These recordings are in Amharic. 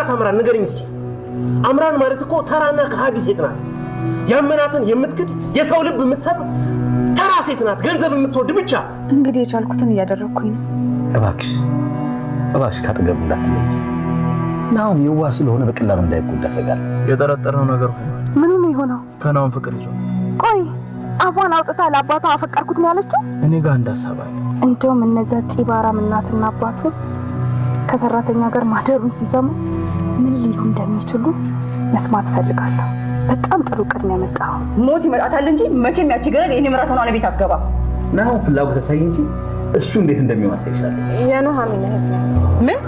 ማናት አምራን? ንገረኝ እስኪ። አምራን ማለት እኮ ተራና ከሃዲ ሴት ናት። ያመናትን የምትክድ የሰው ልብ የምትሰብ ተራ ሴት ናት። ገንዘብ የምትወድ ብቻ። እንግዲህ የቻልኩትን እያደረግኩኝ ነው። እባክሽ እባክሽ ካጠገብ እንዳትለይ። ናሁን የዋ ስለሆነ በቀላሉ እንዳይጎዳ ሰጋል። የጠረጠረው ነገር ሆነ። ምኑ ነው የሆነው? ከናሁን ፍቅር ይዞ ቆይ አፏን አውጥታ ለአባቷ አፈቀርኩት ነው ያለችው። እኔ ጋር እንዳሰባል። እንደውም እነዚያ ፂባራም እናትና አባቱ ከሰራተኛ ጋር ማደሩን ሲሰሙ ምን ሊሉ እንደሚችሉ መስማት ፈልጋለሁ። በጣም ጥሩ ቅድም ያመጣ ሞት ይመጣታል እንጂ መቼም ያችገረን ይህን ምራት ሆኗ ለቤት አትገባ ናሁ ፍላጎት አሳይ እንጂ እሱ እንዴት እንደሚዋሳ ይችላል። የኑሐሚን እህት ነው። ምን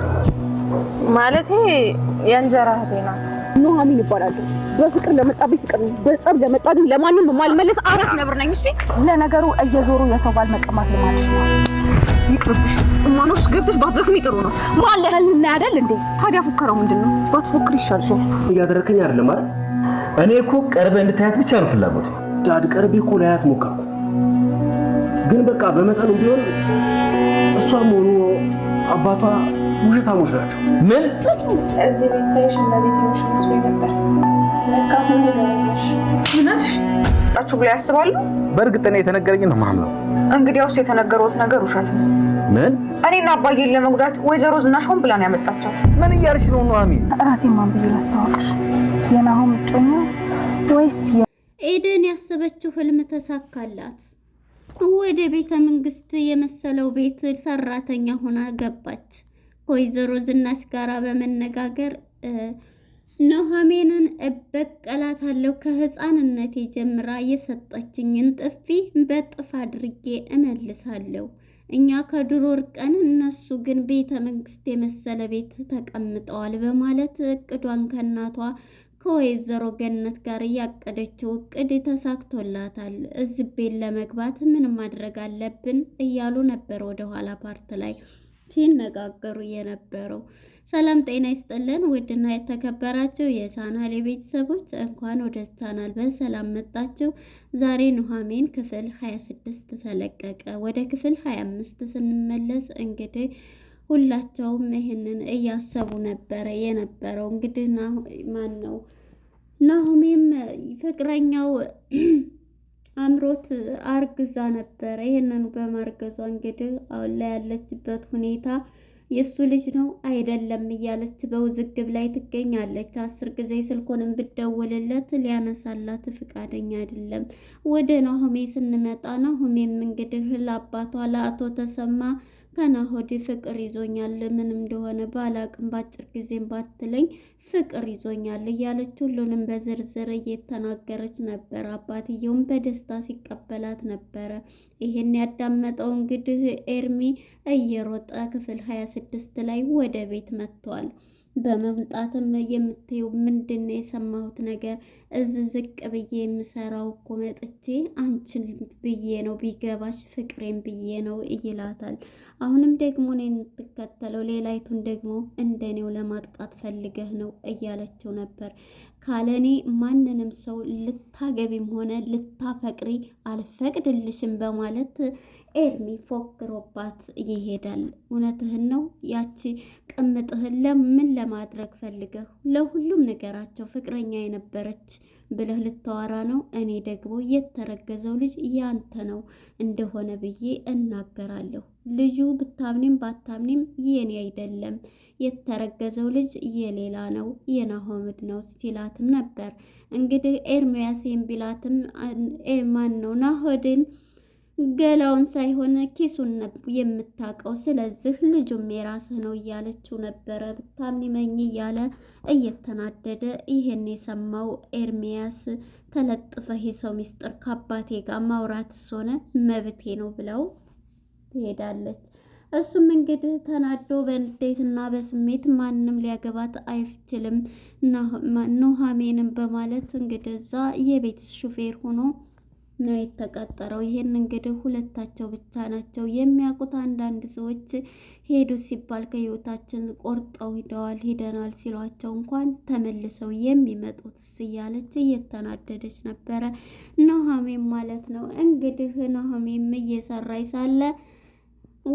ማለቴ የእንጀራ እህቴ ናት። ኑሐሚን ይባላሉ። በፍቅር ለመጣብኝ ፍቅር በጸብ ለመጣ ግን ለማንም የማልመለስ አራት ነብር ነኝ። እሺ ለነገሩ እየዞሩ የሰው ባል መቀማት ልማድሽ ነው። ይቅርብሽ። እማኖር ውስጥ ገብተሽ ባትረክም ጥሩ ነው። መሀል ያህል እናያዳል እንዴ? ታዲያ ፉከራው ምንድን ነው? ባትፎክር ይሻልሻል። እያደረከኝ አይደለም አይደል? እኔ እኮ ቀርበ እንድታያት ብቻ ነው ፍላጎት። ዳድ ቀርቤ እኮ ላያት ሞከርኩ፣ ግን በቃ በመጠኑ ቢሆን እሷም ሆኑ አባቷ ውሸታሞች ናቸው። ምን እዚህ ቤት ሳይሽ እና ቤት ነበር ምንሽ ጣችሁ ብላ ያስባሉ። በእርግጥ እኔ የተነገረኝ ነው ማምነው። እንግዲያውስ የተነገሩት ነገር ውሸት ነው። ምን? እኔና አባዬን ለመጉዳት ወይዘሮ ዝናሽ ሆን ብላ ነው ያመጣቻት። ምን እያልሽ ነው ኑሐሚን? ራሴን ማን ብዬ ላስተዋወቅሽ? የናሆም ጮኛ ወይስ ኤደን ያሰበችው ህልም ተሳካላት። ወደ ቤተ መንግስት የመሰለው ቤት ሰራተኛ ሆና ገባች። ከወይዘሮ ዝናሽ ጋራ በመነጋገር ኑሃሚንን እበቀላታለሁ። ከህፃንነቴ ጀምራ የሰጠችኝን ጥፊ በጥፍ አድርጌ እመልሳለሁ። እኛ ከድሮ ርቀን፣ እነሱ ግን ቤተ መንግስት የመሰለ ቤት ተቀምጠዋል በማለት እቅዷን ከእናቷ ከወይዘሮ ገነት ጋር እያቀደችው እቅድ ተሳክቶላታል። እዝቤን ለመግባት ምን ማድረግ አለብን እያሉ ነበር ወደኋላ ፓርት ላይ ሲነጋገሩ የነበረው። ሰላም ጤና ይስጥልን ውድና የተከበራችሁ የቻናል ቤተሰቦች እንኳን ወደ ቻናል በሰላም መጣችሁ። ዛሬ ኑሐሚን ክፍል 26 ተለቀቀ። ወደ ክፍል 25 ስንመለስ እንግዲህ ሁላቸውም ይህንን እያሰቡ ነበረ የነበረው እንግዲህ ማን ነው ናሆሜም ፍቅረኛው አምሮት አርግዛ ነበረ። ይህንን በማርገዟ እንግዲህ አሁን ላይ ያለችበት ሁኔታ የእሱ ልጅ ነው አይደለም እያለች በውዝግብ ላይ ትገኛለች። አስር ጊዜ ስልኮንም ብደውልለት ሊያነሳላት ፍቃደኛ አይደለም። ወደ ናሆሜ ስንመጣ ናሆሜም እንግዲህ ለአባቷ ለአቶ ተሰማ ሆዴ ፍቅር ይዞኛል፣ ምንም እንደሆነ ባላቅም በአጭር ጊዜም ባትለኝ ፍቅር ይዞኛል እያለች ሁሉንም በዝርዝር እየተናገረች ነበር። አባትየውም በደስታ ሲቀበላት ነበረ። ይሄን ያዳመጠው እንግዲህ ኤርሚ እየሮጠ ክፍል 26 ላይ ወደ ቤት መጥቷል። በመምጣትም የምትይው ምንድን ነው የሰማሁት ነገር? እዚህ ዝቅ ብዬ የምሰራው እኮ መጥቼ አንቺን ብዬ ነው ቢገባሽ ፍቅሬን ብዬ ነው ይላታል። አሁንም ደግሞ ኔ የምትከተለው ሌላይቱን ደግሞ እንደኔው ለማጥቃት ፈልገህ ነው እያለችው ነበር። ካለኔ ማንንም ሰው ልታገቢም ሆነ ልታፈቅሪ አልፈቅድልሽም በማለት ኤርሚ ፎክሮባት ይሄዳል። እውነትህን ነው ያቺ ቅምጥህን ለምን ለማድረግ ፈልገህ ለሁሉም ነገራቸው ፍቅረኛ የነበረች ብለህ ልታወራ ነው። እኔ ደግሞ የተረገዘው ልጅ ያንተ ነው እንደሆነ ብዬ እናገራለሁ። ልጁ ብታምኒም ባታምኒም የኔ አይደለም፣ የተረገዘው ልጅ የሌላ ነው የናሆምድ ነው ሲላትም ነበር። እንግዲህ ኤርሚያስ ቢላትም ማን ነው ናሆድን ገላውን ሳይሆን ኪሱን የምታውቀው። ስለዚህ ልጁም የራስህ ነው እያለችው ነበረ። ብታምኒመኝ እያለ እየተናደደ ይሄን የሰማው ኤርሚያስ ተለጥፈህ የሰው ሚስጥር ከአባቴ ጋር ማውራት ሆነ መብቴ ነው ብለው ትሄዳለች። እሱም እንግዲህ ተናዶ በንዴትና በስሜት ማንም ሊያገባት አይችልም ኑሃሜንም በማለት እንግዲህ እዛ የቤት ሹፌር ሆኖ ነው የተቀጠረው። ይሄን እንግዲህ ሁለታቸው ብቻ ናቸው የሚያውቁት። አንዳንድ ሰዎች ሄዱ ሲባል ከህይወታችን ቆርጠው ሂደዋል ሂደናል ሲሏቸው እንኳን ተመልሰው የሚመጡት እያለች እየተናደደች ነበረ ኑሃሜን ማለት ነው። እንግዲህ ኑሃሜም እየሰራች ሳለ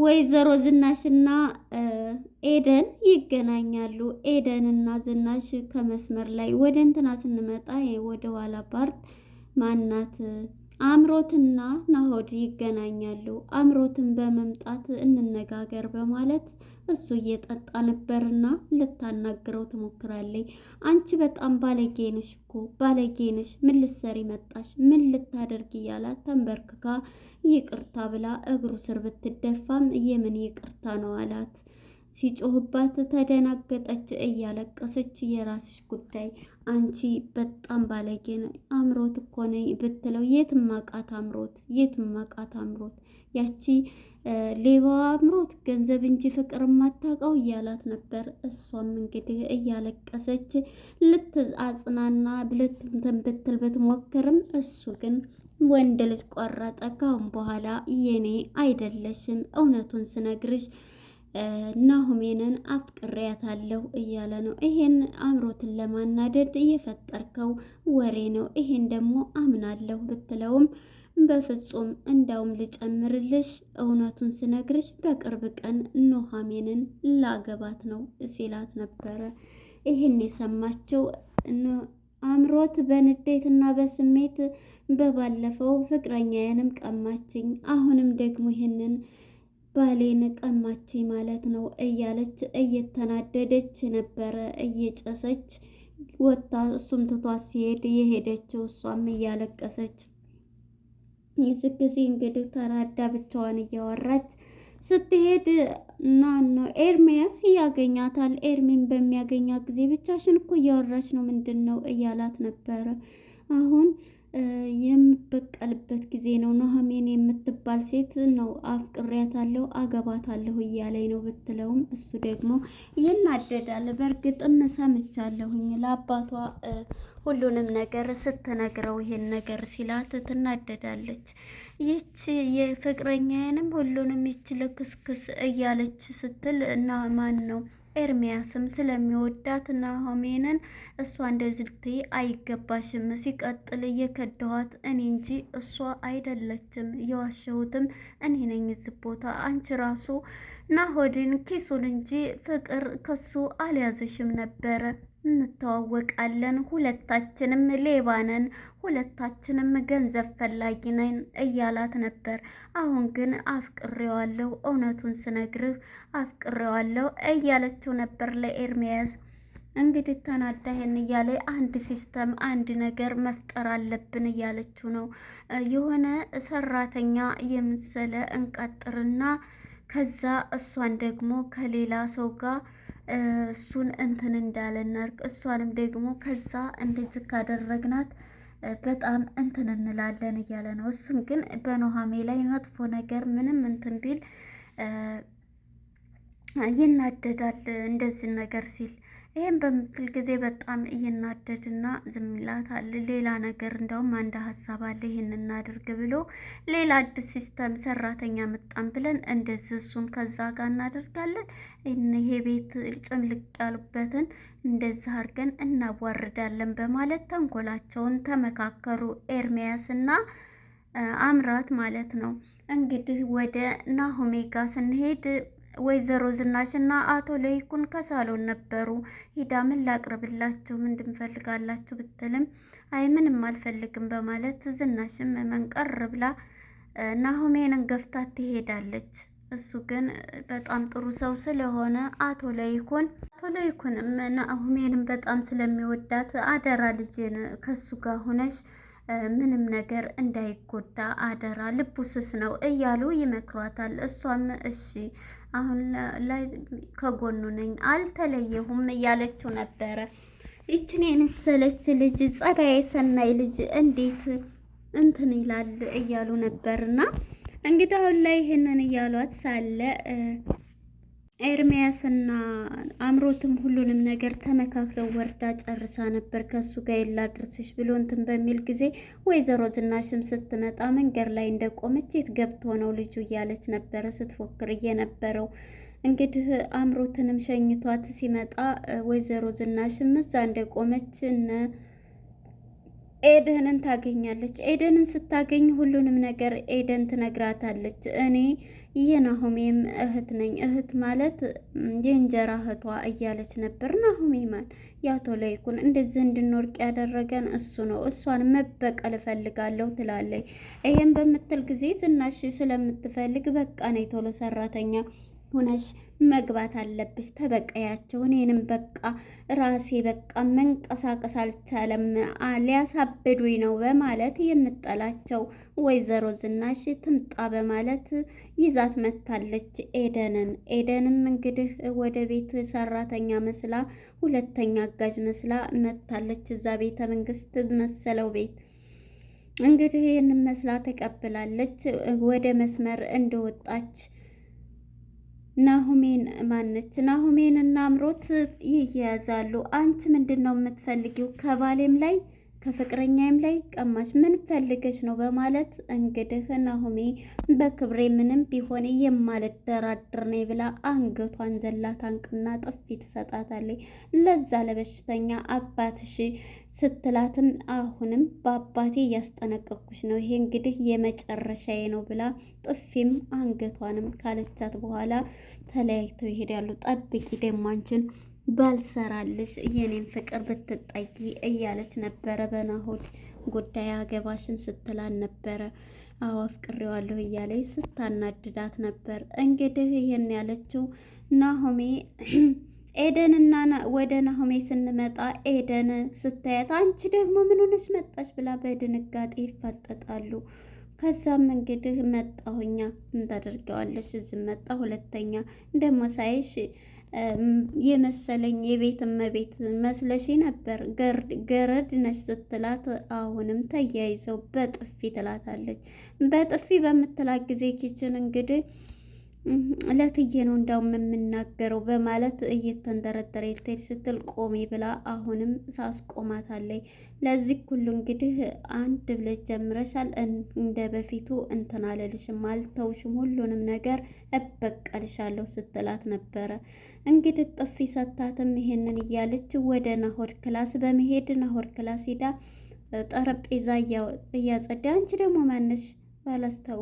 ወይዘሮ ዝናሽና ኤደን ይገናኛሉ። ኤደን እና ዝናሽ ከመስመር ላይ ወደ እንትና ስንመጣ ወደ ኋላ ፓርት ማናት አምሮትና ናሆድ ይገናኛሉ። አምሮትን በመምጣት እንነጋገር በማለት እሱ እየጠጣ ነበርና ልታናግረው ትሞክራለች። አንቺ በጣም ባለጌ ነሽ እኮ ባለጌ ነሽ፣ ምን ልትሰሪ መጣሽ? ምን ልታደርግ እያላት ተንበርክካ ይቅርታ ብላ እግሩ ስር ብትደፋም የምን ይቅርታ ነው አላት። ሲጮህባት ተደናገጠች እያለቀሰች የራስሽ ጉዳይ አንቺ በጣም ባለጌ ነው አምሮት እኮ ነኝ ብትለው የትማቃት አምሮት የትማቃት አምሮት ያቺ ሌባ አምሮት ገንዘብ እንጂ ፍቅር የማታውቀው እያላት ነበር። እሷም እንግዲህ እያለቀሰች ልትአጽናና ብልትምትን ብትል ብትሞክርም እሱ ግን ወንድ ልጅ ቆረጠ። ካሁን በኋላ የኔ አይደለሽም እውነቱን ስነግርሽ ናሁሜንን አፍቅሬያታለሁ እያለ ነው። ይሄን አምሮትን ለማናደድ እየፈጠርከው ወሬ ነው፣ ይሄን ደግሞ አምናለሁ ብትለውም በፍጹም እንዳውም ልጨምርልሽ፣ እውነቱን ስነግርሽ በቅርብ ቀን ኑሃሜንን ላገባት ነው ሲላት ነበረ። ይህን የሰማችው አምሮት በንዴትና በስሜት በባለፈው ፍቅረኛዬንም ቀማችኝ፣ አሁንም ደግሞ ይህንን ባሌን ቀማች ማለት ነው እያለች እየተናደደች ነበረ እየጨሰች ወጣ እሱም ትቷ ሲሄድ የሄደችው እሷም እያለቀሰች የዚህ ጊዜ እንግዲህ ተናዳ ብቻዋን እያወራች ስትሄድ ና ነው ኤርሚያስ ያገኛታል። ኤርሚን በሚያገኛት ጊዜ ብቻሽን እኮ እያወራች ነው ምንድን ነው እያላት ነበረ። አሁን የምበቀልበት ጊዜ ነው ኑሐሚን የምትባል ሴት ነው አፍቅሬያታለሁ፣ አገባታለሁ እያለኝ ነው ብትለውም እሱ ደግሞ ይናደዳል። በእርግጥም ሰምቻለሁኝ ለአባቷ ሁሉንም ነገር ስትነግረው ይሄን ነገር ሲላት ትናደዳለች። ይች የፍቅረኛዬንም ሁሉንም ይች ልክስክስ እያለች ስትል እና ማን ነው ኤርሚያስም ስለሚወዳት ኑሃሚንን እሷ እንደዚህ ልትይ አይገባሽም፣ ሲቀጥል የከዳኋት እኔ እንጂ እሷ አይደለችም፣ የዋሸሁትም እኔ ነኝ። እዚህ ቦታ አንቺ ራሱ ናሆድን ኪሱን እንጂ ፍቅር ከሱ አልያዘሽም ነበረ እንተዋወቃለን፣ ሁለታችንም ሌባ ነን፣ ሁለታችንም ገንዘብ ፈላጊ ነን እያላት ነበር። አሁን ግን አፍቅሬዋለሁ፣ እውነቱን ስነግርህ አፍቅሬዋለሁ እያለችው ነበር ለኤርሚያስ። እንግዲህ ተናዳህን እያለ አንድ ሲስተም አንድ ነገር መፍጠር አለብን እያለችው ነው። የሆነ ሰራተኛ የመሰለ እንቀጥርና ከዛ እሷን ደግሞ ከሌላ ሰው ጋር እሱን እንትን እንዳለ እናርቅ። እሷንም ደግሞ ከዛ እንደዚህ ካደረግናት በጣም እንትን እንላለን እያለ ነው። እሱም ግን በኑሃሜ ላይ መጥፎ ነገር ምንም እንትን ቢል ይናደዳል እንደዚህ ነገር ሲል ይህም በምትል ጊዜ በጣም እየናደድና ዝም ይላታል። ሌላ ነገር እንደውም አንድ ሀሳብ አለ፣ ይህን እናድርግ ብሎ ሌላ አዲስ ሲስተም ሰራተኛ መጣን ብለን እንደዚህ እሱን ከዛ ጋር እናደርጋለን፣ ይሄ ቤት ጭምልቅ ያሉበትን እንደዚህ አድርገን እናዋርዳለን በማለት ተንኮላቸውን ተመካከሩ ኤርሚያስና አምራት ማለት ነው። እንግዲህ ወደ ናሆሜ ስንሄድ ወይዘሮ ዝናሽ እና አቶ ለይኩን ከሳሎን ነበሩ። ሂዳ ምን ላቅርብላችሁ፣ ምን ትፈልጋላችሁ ብትልም አይ ምንም አልፈልግም በማለት ዝናሽም መንቀር ብላ ናሆሜንን ገፍታ ትሄዳለች። እሱ ግን በጣም ጥሩ ሰው ስለሆነ አቶ ለይኩን አቶ ለይኩንም ናሆሜንን በጣም ስለሚወዳት አደራ ልጄን ከሱ ጋር ሆነሽ ምንም ነገር እንዳይጎዳ አደራ፣ ልቡ ስስ ነው እያሉ ይመክሯታል። እሷም እሺ አሁን ላይ ከጎኑ ነኝ አልተለየሁም እያለችው ነበረ። ይችን የመሰለች ልጅ ጸባይ ሰናይ ልጅ እንዴት እንትን ይላል እያሉ ነበርና እንግዲህ አሁን ላይ ይህንን እያሏት ሳለ ኤርሚያስና አምሮትም ሁሉንም ነገር ተመካክረው ወርዳ ጨርሳ ነበር። ከሱ ጋር የላድርስሽ ብሎ እንትን በሚል ጊዜ ወይዘሮ ዝናሽም ስትመጣ መንገድ ላይ እንደቆመች የት ገብቶ ነው ልጁ እያለች ነበረ ስትፎክር እየነበረው። እንግዲህ አምሮትንም ሸኝቷት ሲመጣ ወይዘሮ ዝናሽም እዛ እንደቆመች እነ ኤደንን ታገኛለች። ኤደንን ስታገኝ ሁሉንም ነገር ኤደን ትነግራታለች። እኔ የናሆሜም እህት ነኝ እህት ማለት የእንጀራ እህቷ እያለች ነበር። ናሆሜ ማን ያቶ ለይኩን እንደዚህ እንድንወርቅ ያደረገን እሱ ነው። እሷን መበቀል እፈልጋለሁ ትላለች። ይሄን በምትል ጊዜ ዝናሽ ስለምትፈልግ በቃ ነይ ቶሎ ሰራተኛ ሆነሽ መግባት አለብሽ። ተበቀያቸው። እኔንም በቃ ራሴ በቃ መንቀሳቀስ አልቻለም፣ ሊያሳብዱኝ ነው በማለት የምጠላቸው ወይዘሮ ዝናሽ ትምጣ በማለት ይዛት መታለች ኤደንን። ኤደንም እንግዲህ ወደ ቤት ሰራተኛ መስላ ሁለተኛ አጋዥ መስላ መታለች እዛ ቤተ መንግስት መሰለው ቤት እንግዲህ ይህን መስላ ተቀብላለች። ወደ መስመር እንደወጣች ናሁሜን ማነች ናሁሜን እና አምሮት ይያያዛሉ። አንቺ ምንድን ነው የምትፈልጊው ከባሌም ላይ ከፍቅረኛዬም ላይ ቀማሽ፣ ምን ፈልገሽ ነው በማለት እንግዲህ ናሆሜ በክብሬ ምንም ቢሆን የማልደራደር ነኝ ብላ አንገቷን ዘላ ታንቅና ጥፊ ትሰጣታለች። ለዛ ለበሽተኛ አባትሽ ስትላትም አሁንም በአባቴ እያስጠነቀኩሽ ነው፣ ይሄ እንግዲህ የመጨረሻዬ ነው ብላ ጥፊም አንገቷንም ካለቻት በኋላ ተለያይተው ይሄዳሉ። ጠብቂ ደማንችን ባልሰራልሽ የኔን ፍቅር ብትጠጊ እያለች ነበረ። በናሆድ ጉዳይ አገባሽም ስትላን ነበረ። አዎ አፍቅሬዋለሁ እያለች ስታናድዳት ነበር። እንግዲህ ይህን ያለችው ናሆሜ ኤደንና ወደ ናሆሜ ስንመጣ ኤደን ስታያት አንቺ ደግሞ ምን ሆነሽ መጣች ብላ በድንጋጤ ይፋጠጣሉ። ከዛም እንግዲህ መጣሁኛ ምን ታደርጊዋለሽ? እዚህ መጣ ሁለተኛ ደግሞ ሳይሽ የመሰለኝ የቤት እመቤት መስለሽ ነበር ገረድ ነች ስትላት፣ አሁንም ተያይዘው በጥፊ ትላታለች። በጥፊ በምትላት ጊዜ ኪችን እንግዲህ ለትዬ ነው እንዳውም የምናገረው በማለት እየተንደረደረ ልትሄድ ስትል ቆሜ ብላ አሁንም ሳስቆማታለች። ለዚህ ሁሉ እንግዲህ አንድ ብለሽ ጀምረሻል፣ እንደ በፊቱ እንትን አልልሽም፣ አልተውሽም፣ ሁሉንም ነገር እበቀልሻለሁ ስትላት ነበረ። እንግዲህ ጥፊ ሰታትም ይሄንን እያለች ወደ ናሆድ ክላስ በመሄድ ናሆድ ክላስ ሄዳ ጠረጴዛ እያጸዳ አንቺ ደግሞ ማነሽ ባላስተው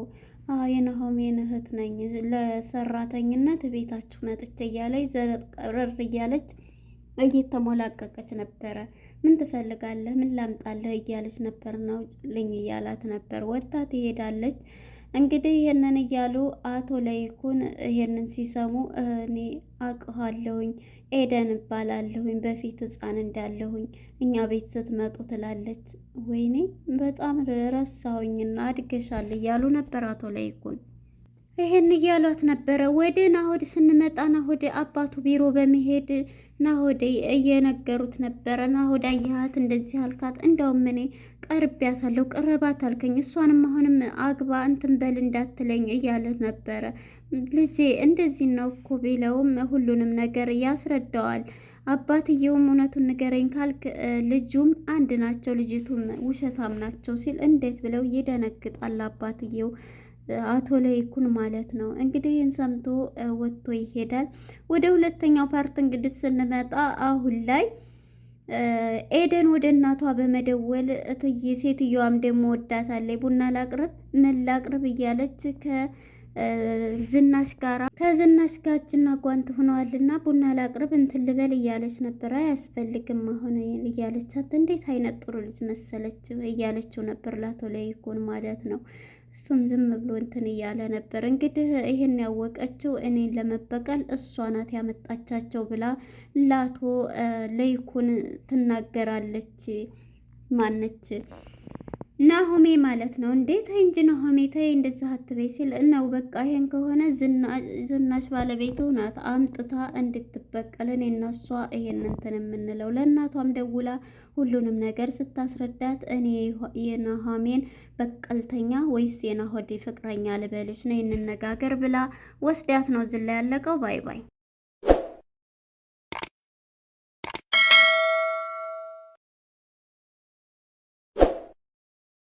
የናሆሜን እህት ነኝ ለሰራተኝነት ቤታችሁ መጥቼ እያለች ዘረር እያለች እየተሞላቀቀች ነበረ። ምን ትፈልጋለህ? ምን ላምጣልህ? እያለች ነበር። ነው ልኝ እያላት ነበር። ወጥታ ትሄዳለች። እንግዲህ ይህንን እያሉ አቶ ለይኩን ይህንን ሲሰሙ እኔ አቅኋለሁኝ ኤደን እባላለሁኝ በፊት ህፃን እንዳለሁኝ እኛ ቤት ስትመጡ ትላለች። ወይኔ በጣም ረሳሁኝና አድገሻል እያሉ ነበር አቶ ለይኩን። ይህን እያሏት ነበረ። ወደ ናሆድ ስንመጣ ናሆድ አባቱ ቢሮ በመሄድ ናሆድ እየነገሩት ነበረ። ናሆድ አየሃት እንደዚህ አልካት፣ እንደውም እኔ ቀርቢያታለሁ ቅረባት አልከኝ። እሷንም አሁንም አግባ እንትን በል እንዳትለኝ እያለ ነበረ። ልጄ እንደዚህ ነው እኮ ቢለውም ሁሉንም ነገር ያስረዳዋል። አባትየውም እውነቱን ንገረኝ ካልክ ልጁም አንድ ናቸው፣ ልጅቱም ውሸታም ናቸው ሲል እንዴት ብለው ይደነግጣል አባትየው አቶ ለይኩን ማለት ነው። እንግዲህ ይህን ሰምቶ ወጥቶ ይሄዳል። ወደ ሁለተኛው ፓርት እንግዲህ ስንመጣ አሁን ላይ ኤደን ወደ እናቷ በመደወል እትዬ ሴትዮዋም ደግሞ ወዳታለች። ቡና ላቅርብ ምን ላቅርብ እያለች ከዝናሽ ጋራ ከዝናሽ ጋር እጅና ጓንት ሆነዋልና ቡና ላቅርብ እንትን ልበል እያለች ነበረ። አያስፈልግም አሁን እያለቻት እንዴት አይነት ጥሩ ልጅ መሰለች እያለችው ነበር ላቶ ለይኩን ማለት ነው። እሱም ዝም ብሎ እንትን እያለ ነበር። እንግዲህ ይህን ያወቀችው እኔን ለመበቀል እሷ ናት ያመጣቻቸው ብላ ላቶ ለይኩን ትናገራለች። ማነች ናሆሜ ማለት ነው። እንዴ ተይ እንጂ ናሆሜ ተይ እንደዚህ አትበይ ሲል እናው በቃ ይሄን ከሆነ ዝናሽ ባለቤቱ ናት አምጥታ እንድትበቀል እኔ እና እሷ ይሄን እንትን የምንለው ለእናቷም ደውላ ሁሉንም ነገር ስታስረዳት እኔ የናሆሜን በቀልተኛ ወይስ የናሆዴ ፍቅረኛ ልበልሽ ነው እንነጋገር ብላ ወስዳት ነው ዝላ ያለቀው። ባይ ባይ